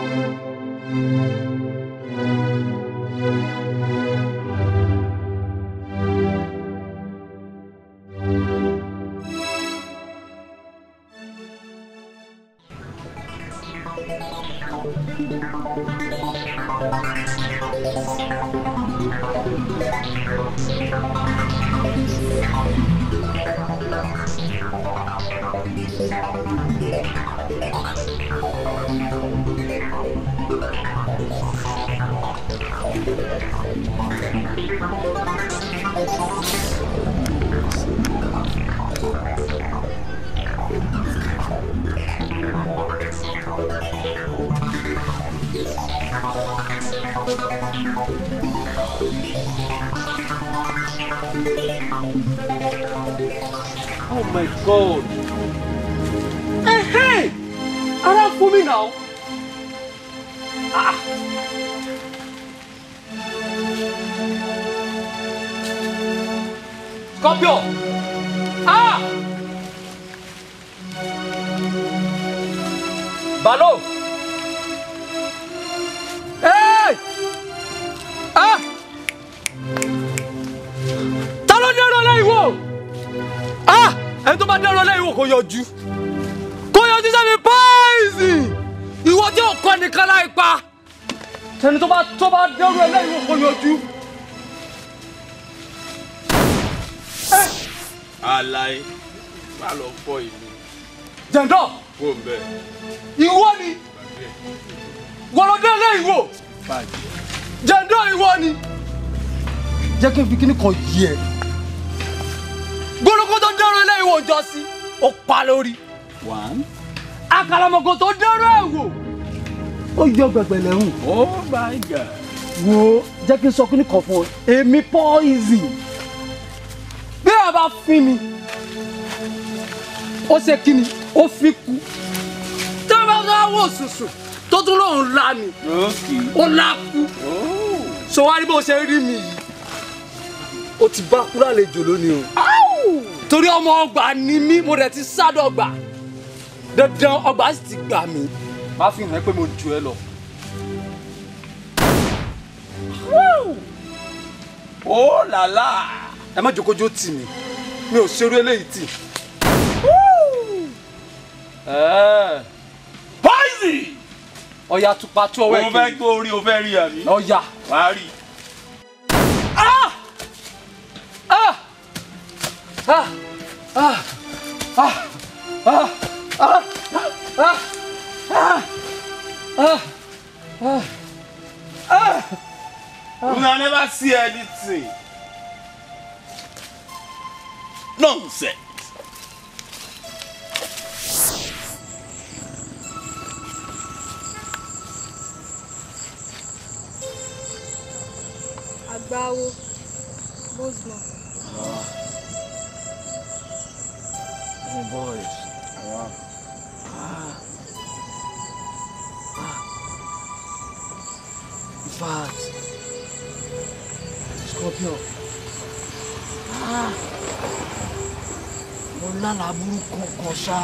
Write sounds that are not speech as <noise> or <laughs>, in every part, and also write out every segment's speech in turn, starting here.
Música my gold. Hey, hey! Enough for me now. Ah. Scorpio! Ah! Balou! dọ̀rọ̀ lẹ́yìn wò kò yọjú kò yọjú sẹ́mi pọ́ìsì ìwọ tí ò kọ́ nìkan láì pa tẹni tó bá tó bá dọ̀rọ̀ lẹ́yìn kò yọjú. alaye má lọ fọ ìlú. jẹ̀ǹdọ̀ ìwọ ni wọlọdẹ lẹ́yìn wò jẹ̀ǹdọ̀ ìwọ ni jẹ́ kí n fi kíní kan yí ẹ tó jọ sí ó pa lórí. àkàlàmọ̀kò tó dẹ́rọ ẹ̀ wò. ó yọ gbẹ̀gbẹ̀lẹ̀ hùn. Oh ó bá jà. wo jẹ́ kí n sọ kíní kan fún ọ èmi poison. bí a bá fi mi ó ṣe kíni ó fi kú tí a bá sọ wò sùsù tó tún lòun la mi ó la kú sọ oh. wá rí bó ṣe rí mi yìí ó ti bá kúrò àlejò lónìí o. Ah! torí ọmọ ọgbà ni mí mo dẹ̀ ti sádọ̀gbà dandan ọgbà sì ti gbà mí. má fi hàn ẹ́ pé mo jù ẹ lọ. ó làlá ẹ má jokojo tì mí mi ò ṣerú eléyìí tì. báyìí. ọ̀yà tupatu ọwọ́ ẹ̀ kiri. o fẹ́ gbórí o fẹ́ rí àmì. ọ̀yà. wàá rí i. Ah! Ah! Ah! Ah! Ah! Ah! Ah! Ah! Ah! Una never see anything. Nonsense. Agbawo, Bosman. boys. Yeah. Ah. Ah. In fact, Scorpio. Ah. Mo lálà burúkú kan ṣá.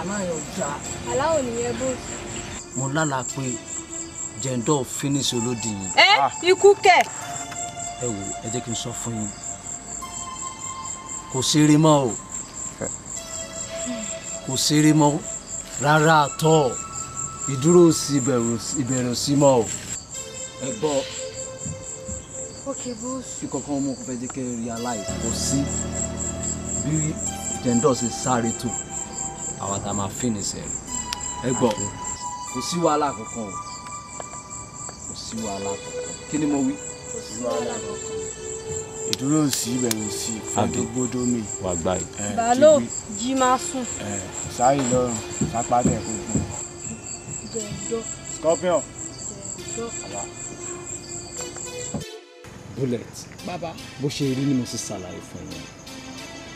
Aláyọ̀ ah, ọjà. Aláwọ̀ nìyẹn bó. Mo lálà pé jẹ̀ǹdọ̀ fínísì olódì yìí. Ẹ ah. ikú kẹ̀. Ẹ wo ẹ jẹ́ kí n sọ fún yín. Kò sí eré mọ́ o kò ṣeré mọ́ rárá àtọ́ ìdúró sí ìbẹ̀rù sí mọ́ o. ẹ gbọ́ ìkọ̀kan ọmọ kò fẹ́ jẹ́ kẹ́ rí aláìsí kò sí bí jẹ́ńdọ̀ ṣe sáré tó àwọn tá a máa fínísì rẹ̀ ẹ gbọ́ kò sí wàhálà kankan o kò sí wàhálà kankan kí ni mo wí. kò sí wàhálà kankan àdúró sí ìbẹ̀rù sí fàdógbódó mi. wà gbà yìí. balo jí máa sùn. sáyì lọrùn sápádẹ gbogbo. jẹjọ. scorpion. bullet. bàbá. bó ṣe rí ni mo ṣe ṣàlàyé fún yín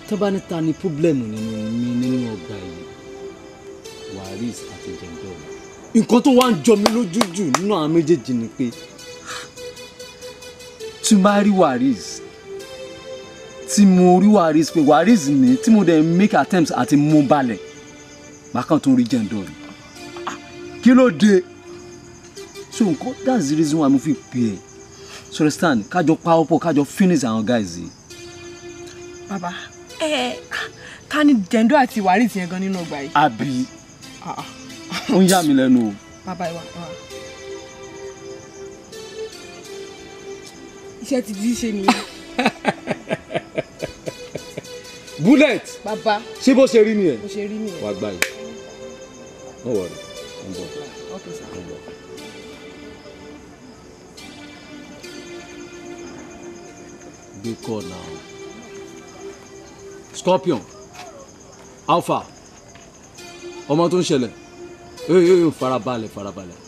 tó bá ní ta ni pọ́blẹ́mù nínú mi nínú ọgbà yìí waris àti jẹjọ nǹkan tó wá ń jọ mí lójú jù nínú àwọn méjèèjì ni pé tí n bá rí waris tí mo rí waris pé waris ní tí mo dẹ̀ make attempts àti mú balẹ̀ màá kàn tún rí jẹ̀ǹdọ̀ rẹ̀ ah, kí ló dé so nǹkan that's the reason why mo fi pè ẹ́ so understand kájọ power pọ̀ kájọ finish àwọn guys yìí. bàbá ẹ ẹ ká ní jẹ̀ǹdọ̀ àti waris yẹn gan nínú ọgbà yìí. àbí ah, ah. ó ń yà mí lẹ́nu o. bàbá ìwà ìwà. iṣẹ́ ti di ṣe nìyẹn. <laughs> bullet Baba, ṣé bó ṣe rí nìyẹn bó ṣe rí nìyẹn wàá gbà yìí no worry n bọ Okay, sir, gbé kọ́ náà scorpion alpha ọmọ tó ń ṣẹlẹ̀ yóò yóò farabalẹ̀ farabalẹ̀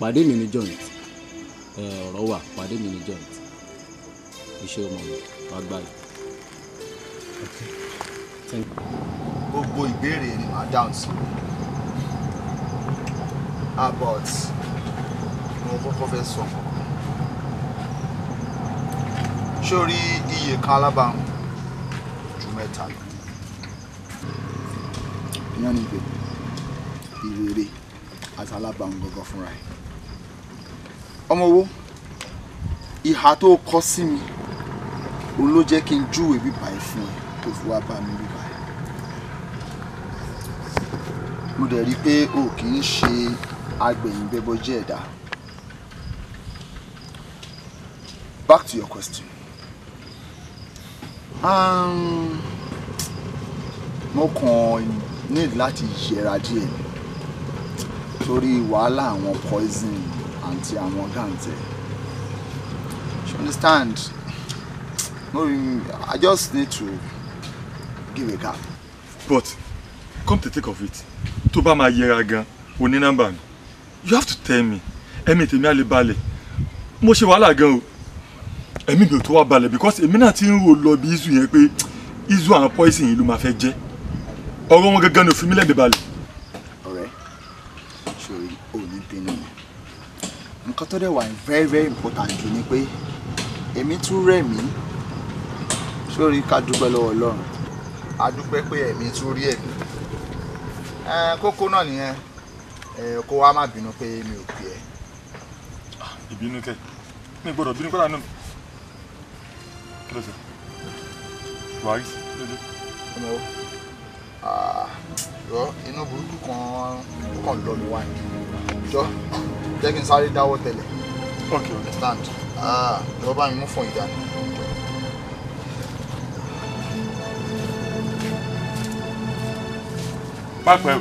pàdé mi ní joint ọ̀rọ̀ wà pàdé mi ní joint iṣẹ́ ọmọ mi wàá gbà yìí gbogbo ìbéèrè ni màá dáhùn sí about mo kọ́kọ́ fẹ́ sọ sórí iye kan alábàáhùn ju mẹ́ta lọ ìyá ni pé ìrèrè àti alábàáhùn gangan fúnra ẹ̀ ọmọ owó ìhà tó kọ sí mi òun ló jẹ́ kí n júwèé bíbá ẹ fún ẹ tó fi wá bá mi bí báyìí mo dẹ̀ rí i pé o kì í ṣe agbẹ̀yìn bẹ́bọ́jẹ́ ẹ̀dá back to your question um, mo kàn need láti yẹra díẹ̀ torí wàhálà àwọn poison àti àwọn gàǹtẹ̀ you understand no I just need to give a car. But come to think of it, to buy my year again, we need nọ́mbà You have to tell me, Emi tèmi á lè balẹ̀. Mo ṣe wàhálà gan o. Ẹ̀mí mi ò tó wá because emi na ti wo lo lọ bí izu yẹn pé izu poison ilu ma máa fẹ́ jẹ́. Ọ̀rọ̀ wọn gangan ni òfin mi lẹ́ẹ̀dẹ̀ balẹ̀. Ọ̀rẹ́, ṣòrí ò ní bínú mi. Nǹkan tó dẹ̀ wà very very important jù ni pé èmi tún rẹ̀ mí sórí ká dúpẹ́ lọ́wọ́ Ọlọ́run adúpẹ́ pé ẹ̀mí tún rí ẹ̀mí kókó náà nìyẹn kó wá má bínú pé mi ò pè ẹ́. Ah, ìbínú kẹ mi gbọ́dọ̀ bínú kọ́lá náà kí ló ṣe buhari lójú. ọmọ yọ inú burúkú kan kàn lọ mi wá ní jọ jẹ́ kí n sáré dáwọ́ tẹ̀lẹ̀. ok ok stand. lọ́ọ́ ah, bá mi mú fún ìdáná. Vai pra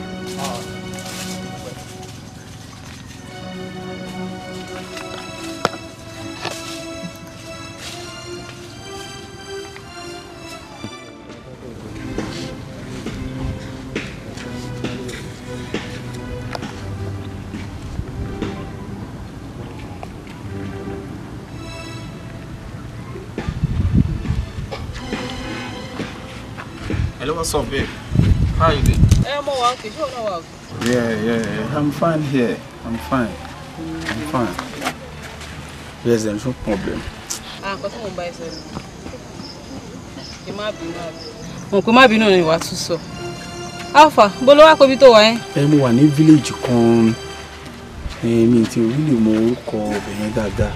Hello, what's up, How are you doing? I'm okay. okay. Yeah, yeah, yeah. I'm fine here. I'm fine. I'm fine. Yes, there's no problem. Ah, kò tó mò ń bá ẹ sọ ni. Kì má bínú àbí. Alpha, bó ló wá pébi to? wà yẹn? Ẹ eh, mo wà village kan. Èmi eh, ti rí lè mọ orúkọ obìnrin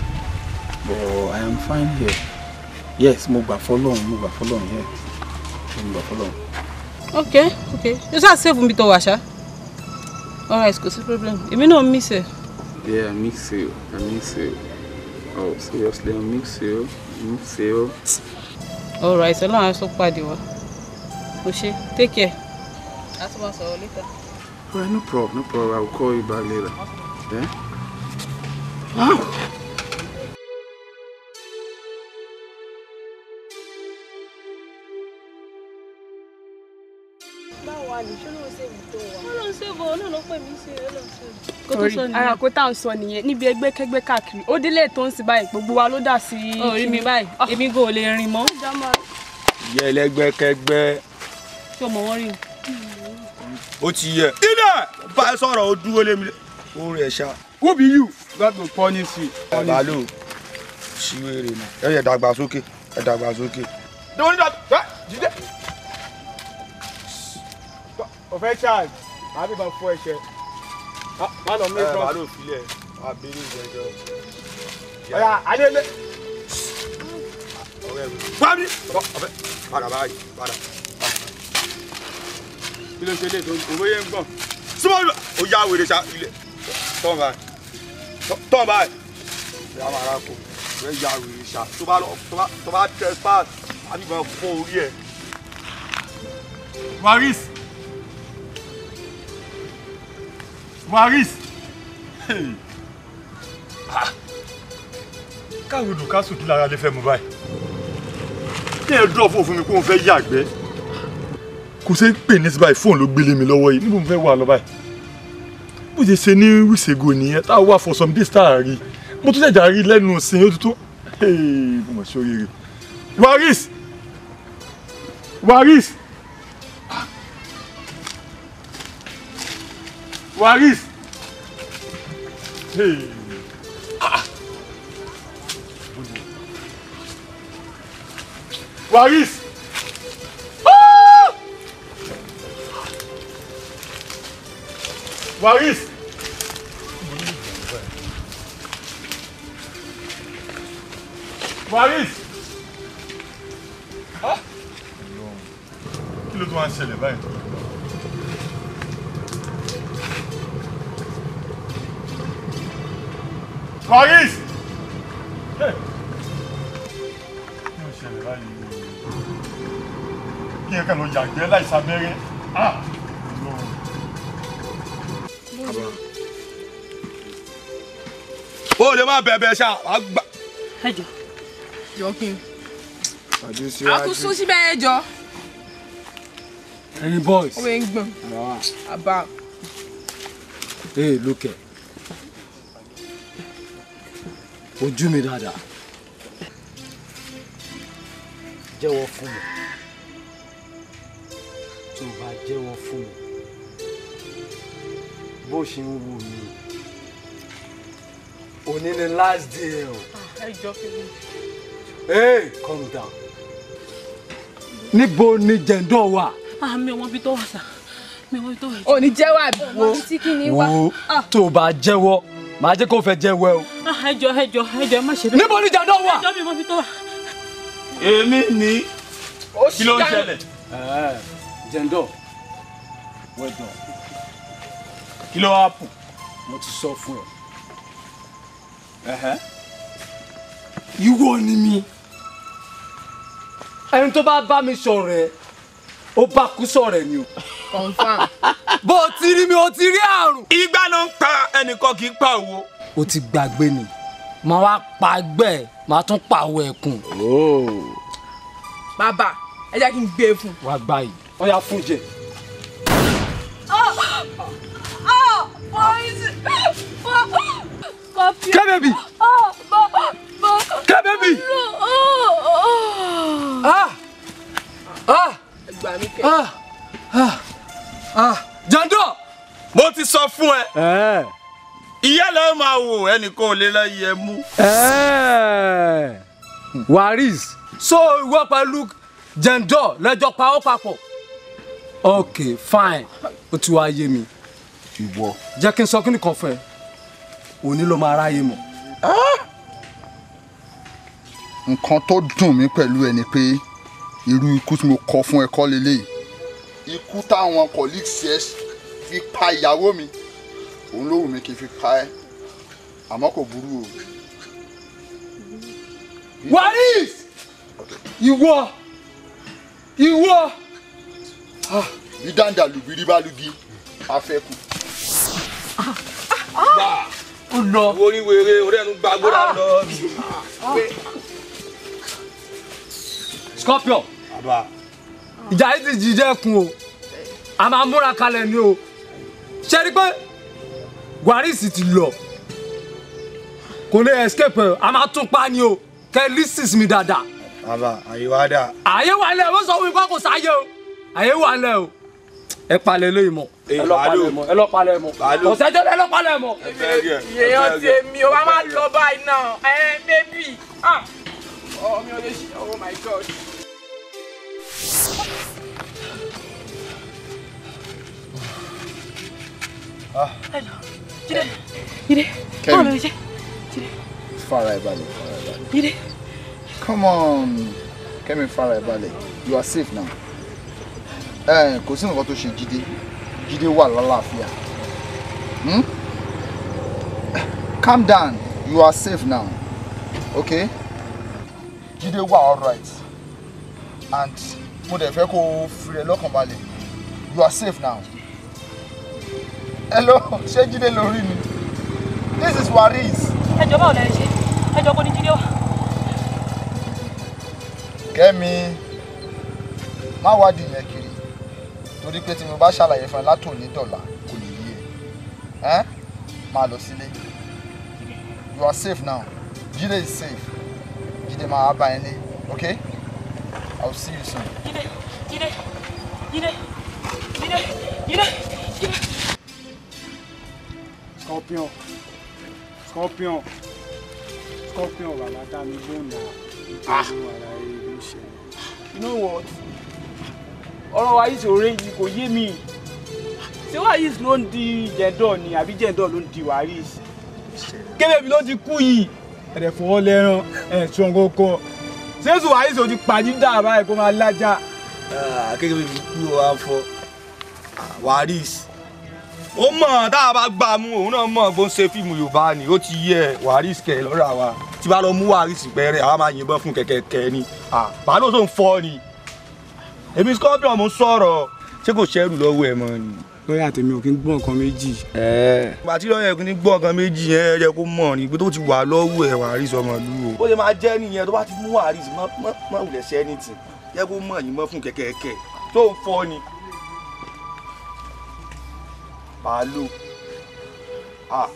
But I am fine here. Yes, mo gbà Follow, mo gbà Follow here. Mo gbà Follow okay okay you just save mi tó wà ṣá alright kò sí problem èmi náà miss ẹ. yeah i miss you i miss you oh seriously i miss you i miss you. alright ọlọ́run aṣọ pàdé wa o ṣe take care a tún máa sọ̀rọ̀ later. alright no problem no problem i will call you back later. Yeah? Wow. orí ara kó tá à ń sọ nìyẹn níbi ẹgbẹ́ kẹgbẹ́ káàkiri ó délé tó ń sì báyìí gbogbo wa ló dà sí i. orí mi báyìí ah. èmi gan lè rìn mọ́. yẹ ẹlẹgbẹ́ kẹgbẹ́. tí o mọ wọn rí o. ó ti yẹ ilẹ̀ bá a sọ̀rọ̀ o dúró lé mi o rẹ̀ ṣá. who be you. God go punish you. balo ẹ yẹ dàgbàsókè ẹ dàgbàsókè. dèwọ́n ní dàgbà jíjẹ́. o fẹ́ ṣáàjì àbí bá fọ ẹ̀ṣẹ̀ má ah, lọ mí kúrò. àlọ́ òfìlẹ̀ àbẹ̀rẹ̀ ìjẹjọ. ọ̀yà alẹ́lẹ́. Bámi! Padà báyìí, padà. Kí ló ṣe lè tó owó yẹn ń Súnmọ́ ìlú! Ó yá wèrè ṣá ilẹ̀. Tọ́ báyìí. Tọ́ báyìí. Ìyá máa kò. Ìyá yá wèrè ṣá. Tó bá tó bá trespass, àbí máa fọ́ orí ẹ̀. Maurice. Maurice ah. káwọn odò ká sùkí lára lè fẹ́ mu báyìí kí ẹ dúró fún mi kó n fẹ́ yàgbẹ́ kò ṣe ń pè ní sí báyìí fóònù ló gbélé mi lọ́wọ́ yìí níbo mo fẹ́ wà lọ báyìí bó ṣe ṣe ní wíṣègò nìyẹn tá a wà for some days tá a rí mo tún jẹjà rí lẹ́nu Waris hey. ah. Waris ah. Waris Waris Ah Kilo do anselé, vai. Maurice! Kí ló ṣẹlẹ̀ báyìí? Kí ẹ kàn lọ yàgbẹ́ láìsàbẹ́rẹ́. Ó ah! lè má bẹ̀bẹ̀ ṣá, wàá gbà. Ẹ jọ, kí n. Pàdé síwájú. Akú sún síbẹ̀ jọ. Ẹyin boys. Ó wẹ̀ ń gbọ̀n. Àbá. Ee, lókè. ojú mi dáadáa jẹ́wọ́ fún mi tó bá jẹ́wọ́ fún mi bó ṣe ń wù mí òní ni last day o. Ah, ẹ hey calm down níbo ni jẹ̀ǹdọ̀ wà. àmì ah, ọmọ bíi tó wà sá mi wọn tó wà. òní jẹ́wọ́ àbí wo. wo ah. tó o bá jẹ́wọ́ màá jẹ́ kó fẹ́ jẹ́wọ́ o. Ah, ẹjọ ẹjọ ẹjọ má ṣe níbo ni jàdó wà. ẹjọ mi mo fi tó wa. èmi ni kí ló ń ṣẹlẹ̀. Eh, jẹ̀ǹdọ̀ wẹ̀dọ̀. kí ló wá pù. mo ti sọ fún ẹ. ìwọ ni mi ẹni tó bá bá mi sọ̀rọ̀ ẹ ó bá kú sọ̀rọ̀ ẹ ni o. confam. bó o ti rí mi o ti rí àrùn. ìgbà ló ń pa ẹnìkan kì í pa òwò o ti gbàgbé ni màá wá pa ẹgbẹ́ màá tún pàwọ̀ ẹ̀kùn. bàbá ẹ jẹ́ kí n gbé e fún. wàá gbà yìí ó yá fún jẹ. Come baby. Come baby. mo ti sọ fún ẹ ìyá ló máa wò ẹnìkan ò lè láyé ẹ mú. waris so ìwọ pẹ̀lú jẹ̀ǹdọ̀ lọ́jọ́ pa ó papọ̀ ok fine ó ti wá yé mi ìwọ jẹ́ kí n sọ kí nìkan fún ẹ òní ló máa ráyè mọ̀. nǹkan tó dùn mí pẹ̀lú ẹ ni pé irú ikú tí mo kọ fún ẹ kọ́ lélẹ́yìí ikú táwọn colleagues ẹ fi pa ìyàwó mi òun ló wù mí kí n fi pa ẹ́ àmọ́ kò burú o. waris ìwọ ìwọ. Ah, bí dáńdà lùgbìrì bá lùgì afẹ́kù. Ah, ah. ó lọ. wo ni wèrè orí ẹnu gbàgbọ́dá lọ. scorpion ìjà yìí ti jíjẹ́ kun o a máa múra kalẹ̀ ni o ṣe é rí pé. Guaris sì ti lọ kò lè escape a máa tún pa ni o kẹ mi dáadáa. bàbá àyè wa dà. àyè wa lẹ o sọ wípé kò sáyé o àyè wa lẹ o ẹ palẹ lóyún mọ ẹ lọ palẹ mọ ẹ lọ palẹ mọ ọsẹjọ ẹ lọ palẹ mọ. èèyàn tèmi o wa máa lọ báyìí náà ẹ mẹbi ọ ah. oh, mi ò lè ṣe oh my god. Ah. Jídé Jídé báwo ló ṣe Jídé. fara ẹ balẹ̀ come on Kẹ́mi fara ẹ balẹ̀ you are safe now. kò sí nǹkan tó ṣe Jídé Jídé wà lálàáfíà. Hmm? calm down you are safe now okay. Jídé wà alright and mo dẹ̀ fẹ́ kó o fi rẹ lọ́kàn balẹ̀ you are safe now hello ṣé jíde lórí mi this is waris. ẹjọ báwo lẹ ṣe ẹjọ kò ní jíde wá. kẹ́mi má wádìí yẹn kiri torí pé tí mo bá ṣàlàyé fún ẹ látòní dọ̀là kò ní yé ẹ máa lọ sílé you are safe now Jide is safe Jide, máa bá ẹ ní okay i will see you soon. Jide, Jide, Jide, Jide, Jide scorpion scorpion scorpion bàbá dá mi bóun náà nítorí ara rẹ ló ṣẹlẹ̀. you know what ọ̀rọ̀ wa yìí ṣòro yìí kò mi ṣé wàhíìs ló ń di jẹ̀dọ̀ ni àbí jẹ̀dọ̀ ló ń di wàhíìs kébé mi ló ti kú yìí ẹ̀rẹ̀ fọwọ́ lẹ́rán ẹ̀ tún kọ́kọ́ ṣéṣù wàhíìs ò ti pàdídà báyìí kó máa lájà. akẹ́kẹ́ mi kú wa fọ wàhíìs ó mọ̀ tá a bá gbà mú òun náà mọ̀ bó ń ṣe fíìmù yorùbá ni ó ti yẹ waris kẹ lọ́dọ̀ àwa tí bá lọ mú waris gbẹrẹ àwa máa yìnbọn fún kẹ̀kẹ́ kẹ ni bàálù tó ń fọ ni èmi scorpion mo ń sọ̀rọ̀ ṣé kò ṣẹ́rù lọ́wọ́ ẹ̀ mọ́ ni. lọ́yà tèmi ò kí ń gbọ́ nǹkan méjì. bàtí lọ́yà kí ń gbọ́ nǹkan méjì yẹn ẹ jẹ́ kó mọ̀ ni pé tó ti wà lọ́wọ́ ẹ̀ waris ọmọ ìlú o. ó lè máa jẹ́ nìyẹn tó bá ti mú waris má wulẹ̀ ṣẹ́ ní tì jẹ́ kó mọ̀ yìnbọn fún kẹ̀kẹ́ kẹ̀ tó ń màálù ah,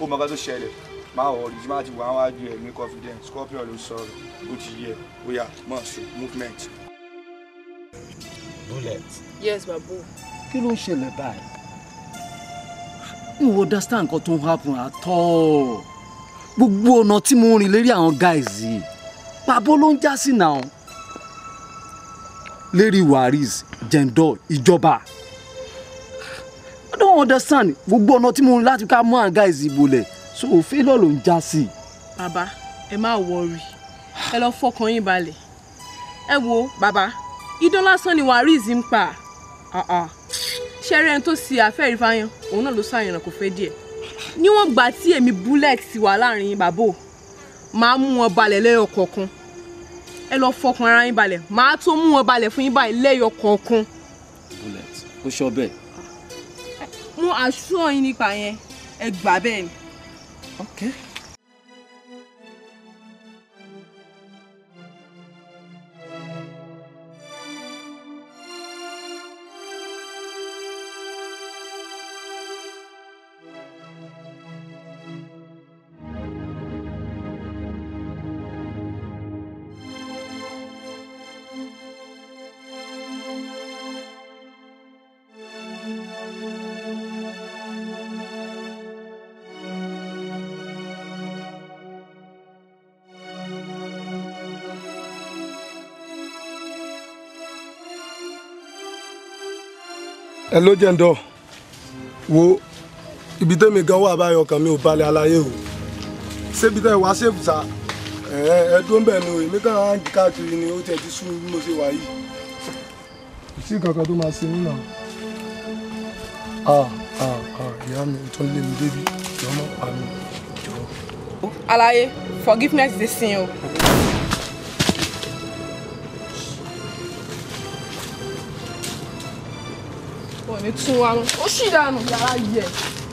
ó mọ ká tó ṣẹlẹ̀ máa My rí má ti wà wájú ẹ̀ ní confidence scorpion ló sọ̀rọ̀ ó ti yẹ ó yà mọ̀ sí movement. bullet. yes my boo. ló ń ṣẹlẹ̀ báyìí? n ò understand nǹkan tó ń happen at all gbogbo ọ̀nà tí mo ń rìn lérí àwọn guys yìí pàbó ló ń já sí náà lérí waris jendol ìjọba. I don't understand gbogbo ọ̀nà tí mo ń láti ká mú àǹgá ìsìnbó lẹ̀ so failure ló ń já sí i. bàbá ẹ má wọrí ẹ lọ fọkàn yín balẹ̀ ẹ wo bàbá idán lásán ni Warris ń pa ṣẹ́rẹ́ ẹni tó ṣe àfẹ́ ìfàyàn òun náà ló ṣàyànnà kò fẹ́ díẹ̀ níwọ̀n gbà tí èmi bullet wà láàrin yín bàbá ò máa mú wọn balẹ̀ lẹ́yọ kọ̀ọ̀kan ẹ lọ fọkàn ara yín balẹ̀ máa tó mú wọn balẹ̀ fún yín báyìí lẹ́yọ kọ̀ọ̀kan. bullet ó sọ bẹ́ẹ̀ mo àṣùwọ̀n yín nípa yẹn ẹ gbà bẹ́ẹ̀ ni. okay ẹ ló jẹ́ ń dọ̀ wo ibi tẹ́mi gan wà báyọ̀ kan mi ò balẹ̀ aláyé o ṣébi tẹ́ wá ṣèbù sa ẹ dún bẹ́ẹ̀ ni o èmi kàn án káàkiri ni ó tẹ̀ ti sún bí mo ṣe wà yìí kò sí kankan tó máa ṣe nínú ìyá mi tó ń lé mi débi ìyá pa mi. alaye forgiveness dey sin o. ètò àrùn ó sì dànù yàrá yẹ.